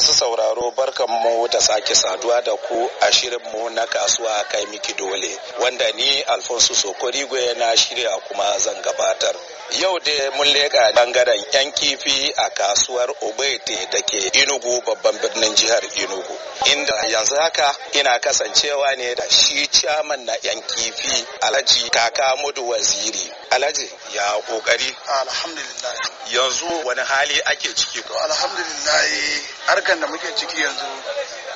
Masu sauraro barkan mu da sake saduwa da ku a shirin mu na kasuwa kai miki dole wanda ni Alfonso Sokorigwe na shirya kuma zan gabatar. Yau da mun leƙa bangaren 'yan kifi a kasuwar Obete da ke inugu babban birnin jihar inugu. inda yanzu haka ina kasancewa ne da shi ciyaman na yan kifi alhaji kaka mudu waziri alhaji ya kokari alhamdulillah yanzu wani hali ake ciki to alhamdulillah harkan da muke ciki yanzu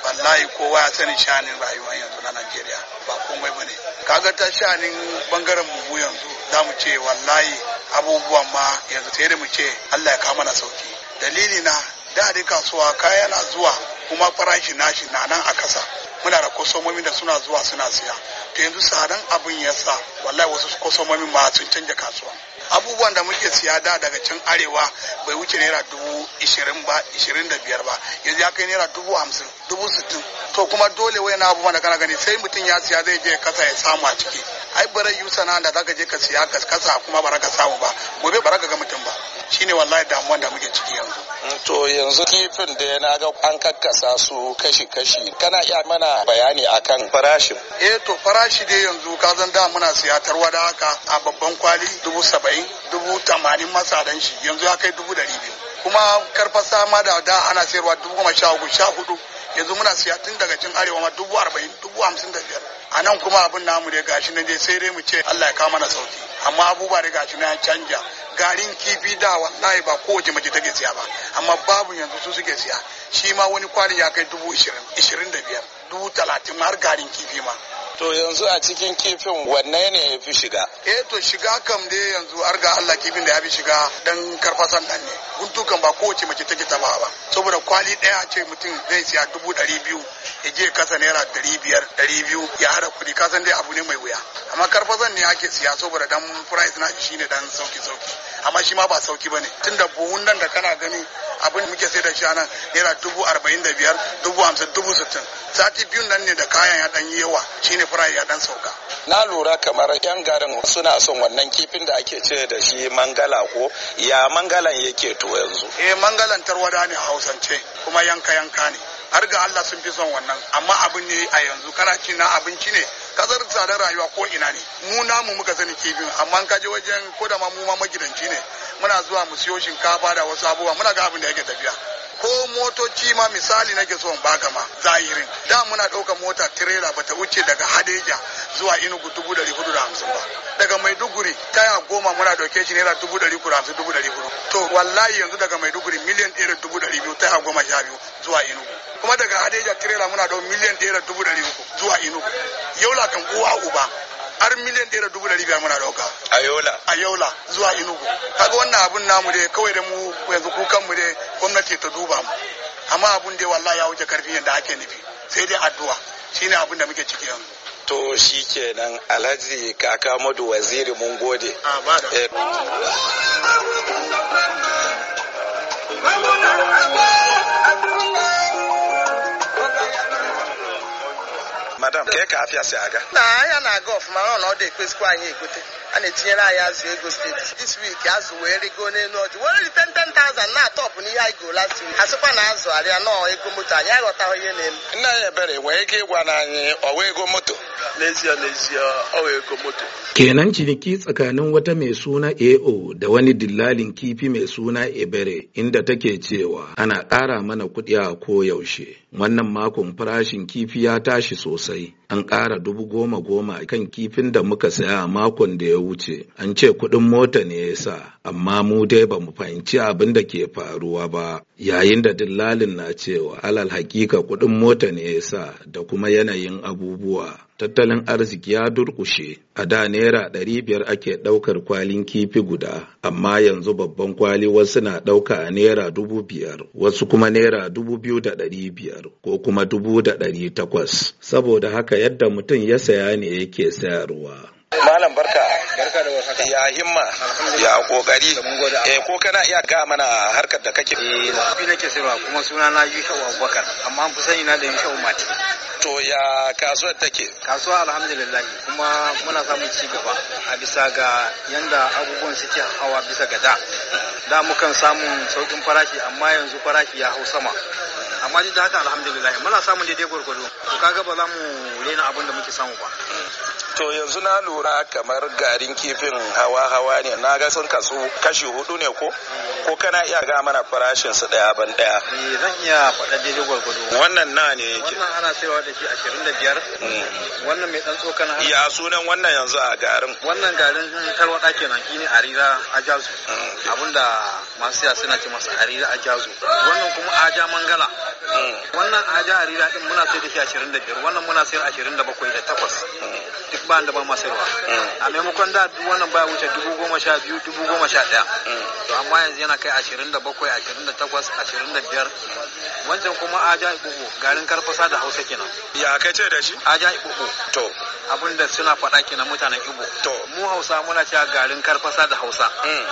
wallahi kowa ya sani shanin rayuwa yanzu na Najeriya ba komai bane kaga ta shanin bangaren mu yanzu za mu ce wallahi abubuwan ma yanzu sai da mu ce Allah ya kama na sauki dalili na da dai kasuwa kaya na zuwa kuma farashi nashi na nan a kasa muna da kosomomi da suna zuwa suna siya ta yanzu sadan abin ya sa wallahi wasu kosomomi ma sun canja kasuwa abubuwan da muke siya da daga can arewa bai wuce naira dubu ishirin ba ishirin da biyar ba yanzu ya kai naira dubu hamsin dubu sittin to kuma dole wai na abubuwan da kana gani sai mutum ya siya zai je kasa ya samu a ciki ai bara yi sana'a da zaka je ka siya ka kasa kuma bara ka samu ba gobe bara ka ga mutum ba shine wallahi damuwan da muke ciki yanzu mm, to yanzu kifin da na ga an kakkasa su kashi-kashi kana iya mana bayani akan farashin eh to farashi dai yanzu ka zan da muna siya da haka a babban kwali dubu saba'in dubu tamanin masaran shi yanzu ya kai dubu dari biyu kuma karfasa ma da da ana sayarwa dubu goma sha hudu sha hudu yanzu muna siya tun daga cin arewa ma dubu arba'in dubu hamsin da biyar a nan kuma abin namu dai gashi na dai sai dai mu ce Allah ya kawo mana sauki amma abubuwa da gashi na canja garin kifi da wallahi ba kowace mace take siya ba amma babu yanzu su suke siya shi ma wani kwali ya kai dubu ishirin ishirin da biyar dubu talatin har garin kifi ma To yanzu a cikin kifin wanne ne ya fi shiga? Eh to shiga kam dai yanzu har ga Allah kifin da ya fi shiga dan karfasan nan ne. Guntu kan ba kowace mace take taba ba. Saboda kwali daya ce mutum zai siya dubu ɗari biyu ya je kasa naira ɗari biyar ɗari biyu ya hada kuɗi kasan dai abu ne mai wuya. Amma karfasan ne ake siya saboda dan price na shi ne dan sauki sauki. Amma shi ma ba sauki ba ne. da buhun nan da kana gani abin muke sai da shi naira dubu arba'in da biyar dubu hamsin dubu sittin. Sati biyun nan ne da kayan ya ɗan yi yawa shine fura ya dan sauka na lura kamar yan garin suna son wannan kifin da ake ce da shi mangala ko ya mangalan yake to yanzu eh mangalan tarwada ne hausance kuma yanka yanka ne har ga Allah sun fi son wannan amma abin ne a yanzu karaci na abinci ne kasar tsadar rayuwa ko ina ne mu namu muka sani kifin amma ka je wajen ko da ma mu ma magidanci ne muna zuwa mu siyo shinkafa da wasu abubuwa muna ga abin da yake tafiya ko motoci ma misali nake so in baka ma zahirin da muna ɗauka mota tirela bata wuce daga hadeja zuwa inugu dubu dari hudu da hamsin ba daga maiduguri taya goma muna ɗauke shi naira dubu dari hudu hamsin dubu dari hudu to wallahi yanzu daga maiduguri miliyan ɗaya dubu dari biyu taya goma sha biyu zuwa inugu kuma daga hadeja tirela muna ɗau miliyan ɗaya dubu dari uku zuwa inugu yau kan kan uwa uba har miliyan ɗaya da dubu ɗari biyar muna ɗauka. A Yola. zuwa inugu. Kaga wannan abun namu dai kawai da mu yanzu kukan mu dai gwamnati ta duba mu. Amma abun dai wallahi ya wuce karfi yadda ake nufi sai dai addu'a shine abun da muke ciki yanzu. To shi kenan Alhaji Kaka Madu Waziri mun gode. A ba da. Eh. madam ka ka afịa si aga na ahịa na-aga ọfụma nọ na ọ dị ekwesikwa anyị egote a na-etinyere anyị azụ ego steeti this week azụ wee rigo n'elu ọjị were rite 10,000 na-atọpụ n'ihe anyị go last week asịkwa na azụ arịa nọ ego moto anyị aghọtaghị ihe na-eme nna anyị ebere wee ike ịgwa na anyị ọwa ego moto moto. kenan ciniki tsakanin wata mai suna ao da wani dillalin kifi mai suna ebere inda take cewa ana ƙara mana kuɗi a koyaushe wannan makon farashin kifi ya tashi sosai an ƙara dubu goma goma kan kifin da muka saya a makon da ya wuce an ce kuɗin mota ne ya sa amma mu dai ba mu fahimci abin da ke faruwa ba yayin da dillalin na cewa alal hakika kuɗin mota ne ya sa da kuma yanayin abubuwa tattalin arziki ya durkushe a da naira ɗari biyar ake ɗaukar kwalin kifi guda amma yanzu babban kwali wasu na ɗauka a naira dubu biyar wasu kuma naira dubu biyu da ɗari biyar ko kuma dubu da ɗari takwas saboda haka yadda mutum ya saya ne yake sayarwa malam barka barka da ya himma ya kokari eh ko kana iya ga mana harkar da kake eh nake sayarwa kuma suna na Yusuf Abubakar amma an fi sani na da Yusuf Mati to ya kasuwar take kasuwa alhamdulillah kuma muna samun ci gaba a bisa ga yanda abubuwan suke hawa bisa ga da da mukan samun saukin farashi amma yanzu farashi ya hau sama amma duk da haka alhamdulillah muna samun daidai gwargwado to kaga ba za mu rena abin da muke samu ba to yanzu na lura kamar garin kifin hawa-hawa ne na ga sun kasu kashi hudu ne ko ko kana iya ga mana farashin su daya ban daya eh, zan iya faɗa daidai gwargwado wannan na ne yake wannan ana saiwa da shi ashirin da biyar mm. wannan mai ɗan tsokana ya sunan wannan yanzu a garin wannan garin tarwaɗa kenan shi ne arira ajazu mm. abinda masu siya suna ce masa arira ajazu wannan kuma aja mangala mm. wannan aja arira din muna sai da shi ashirin da biyar wannan muna sai ashirin da bakwai da takwas ba da ba ma eh. a maimakon da duk wannan baya wuce dubu goma sha biyu dubu goma sha ɗaya eh. to amma yanzu yana kai ashirin da bakwai ashirin da takwas ashirin da biyar wancan kuma aja ibuku garin karfasa da hausa kenan ya kai ce da shi aja ibuku to abinda suna faɗa kenan mutanen ibo to mu hausa muna cewa garin karfasa da hausa mm.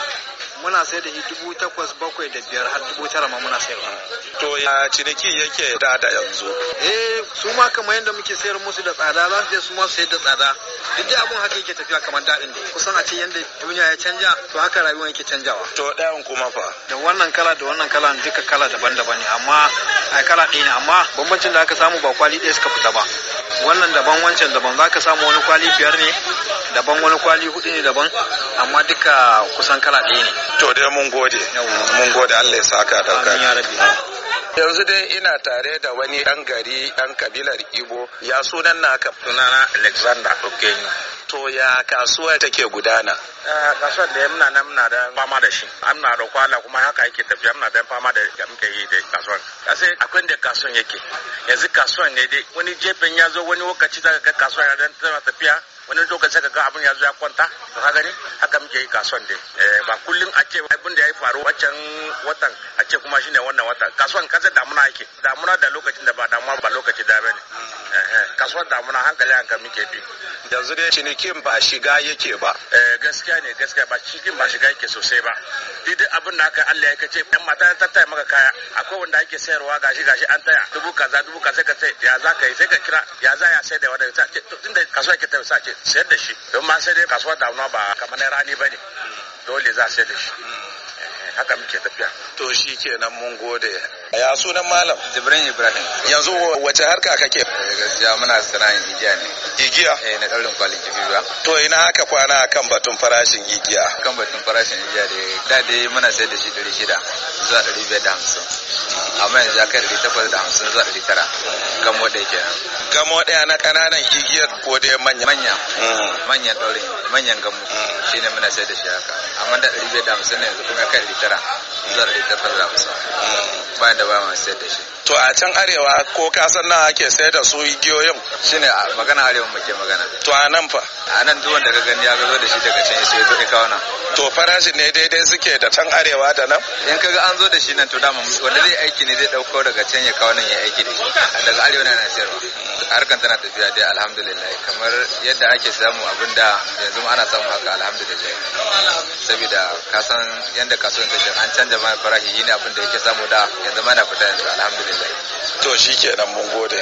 muna sai da dubu takwas bakwai da biyar har dubu tara ma muna sayarwa. To ya ciniki yake da da yanzu? Eh su ma kamar yadda muke sayar musu da tsada za su je su ma sayar da tsada. Duk da abun haka yake tafiya kamar daɗin da Kusan a ce yadda duniya ya canja to haka rayuwa yake canjawa. To ɗayan kuma fa? Da wannan kala da wannan kala duka kala daban-daban ne amma a kala ɗaya ne amma bambancin da aka samu ba kwali ɗaya suka fita ba. Wannan daban wancan daban za ka samu wani kwali biyar ne daban wani kwali hudu ne daban amma duka kusan kala ɗaya ne. to dai mun gode mun gode Allah ya saka daukar yanzu dai ina tare da wani dan gari dan kabilar Igbo ya sunan naka sunana alexander okenyi to ya kasuwa take gudana eh, kasuwar da muna nan muna da fama da shi muna da kwala kuma haka yake tafiya muna da fama da muke yi da kasuwar kasi akwai da kasuwar yake yanzu kasuwar ne dai wani jefin ya zo wani lokaci zaka ga kasuwar ya dan tafiya wani lokacin ka ga abin ya zo ya kwanta to ka gani haka muke yi kasuwan dai eh, ba kullum a ce abin da ya faru waccan watan a ce kuma shine wannan watan kasuwan kasa damuna ake damuna da lokacin da ba damuna ba lokaci da bane eh, eh, kasuwan damuna hankali hankali muke bi yanzu dai cinikin ba shiga yake ba gaskiya ne gaskiya ba cikin ba shiga yake sosai ba duk abin da aka Allah ya kace dan mata ta tattaya maka kaya akwai wanda ake sayarwa gashi gashi an taya dubu kaza dubu kaza ka sai ya za ka yi sai ka kira ya za ya sai da wanda ta ce tunda kasuwa ke ta ce sayar da shi don ma sai dai kasuwar damuna ba kamar na rani ba ne mm. dole za a sayar da shi mm. haka muke tafiya to shi nan mun gode ya sunan malam jibrin ibrahim yanzu wace harka kake eh, gaskiya muna sana'in igiya ne igiya eh na daurin kwalin kifi to ina haka kwana kan batun farashin igiya kan batun farashin igiya da da dai muna sai da shi 600 zuwa 550 amma yanzu ya kai hamsin zuwa 900 gamo ɗaya kenan gamo ɗaya na ƙananan igiyar ko dai manya manya mm. manyan daurin manyan gamo mm. shi ne muna sai da shi haka amma da ɗari biyar da hamsin ne yanzu kuma kai kan litara zar tara da hamsin bayan da ba mu sai da shi to a can arewa ko ka san nawa ake sai da su igiyoyin shine magana arewa muke magana to a nan fa a nan duk wanda ka gani ya zo da shi daga can sai ya kawo nan to farashin ne daidai suke da can arewa da nan in kaga an zo da shi nan to dama wanda zai aiki ne zai dauko daga can ya kawo nan ya aiki da shi daga arewa na sayarwa harkan tana tafiya dai alhamdulillah kamar yadda ake samu abinda yanzu ana samu haka alhamdulillah saboda ka san yadda kasuwar take an canja ma farashi yini abinda da yake samu da yanzu mana fita yanzu alhamdulillah to shi kenan mun gode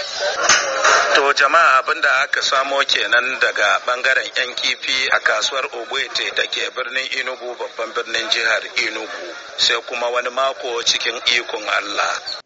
to jama'a abinda aka samo kenan daga bangaren yan kifi a kasuwar ogwete da ke birnin inugu babban birnin jihar inugu sai kuma wani mako cikin ikon allah